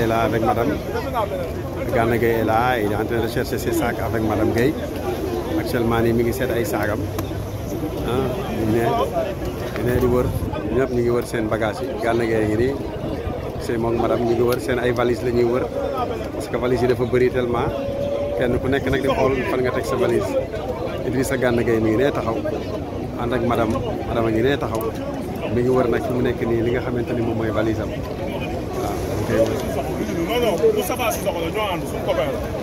est là avec madame Gana Gueye est là il est en train de chercher ses sacs avec madame Gueye actuellement nii mi ngi seet ay saagam ah ne ne di wër ñëpp ñu ngi wër seen bagage yi Gana Gueye ngi nii c'est moom madame ñu ngi wër seen ay valise la ñuy wër parce que valise yi dafa bëri tellement kenn ku nekk nag di xool fan nga teg sa valise sa Gana Gueye mi ngi nee taxaw ànd ak madame madame a ngi nee taxaw mi ngi wër nag fi mu nekk nii li nga xamante ni moom mooy valise am sabaa sisan kɔni ɲɔgɔn don sun kɔfɛ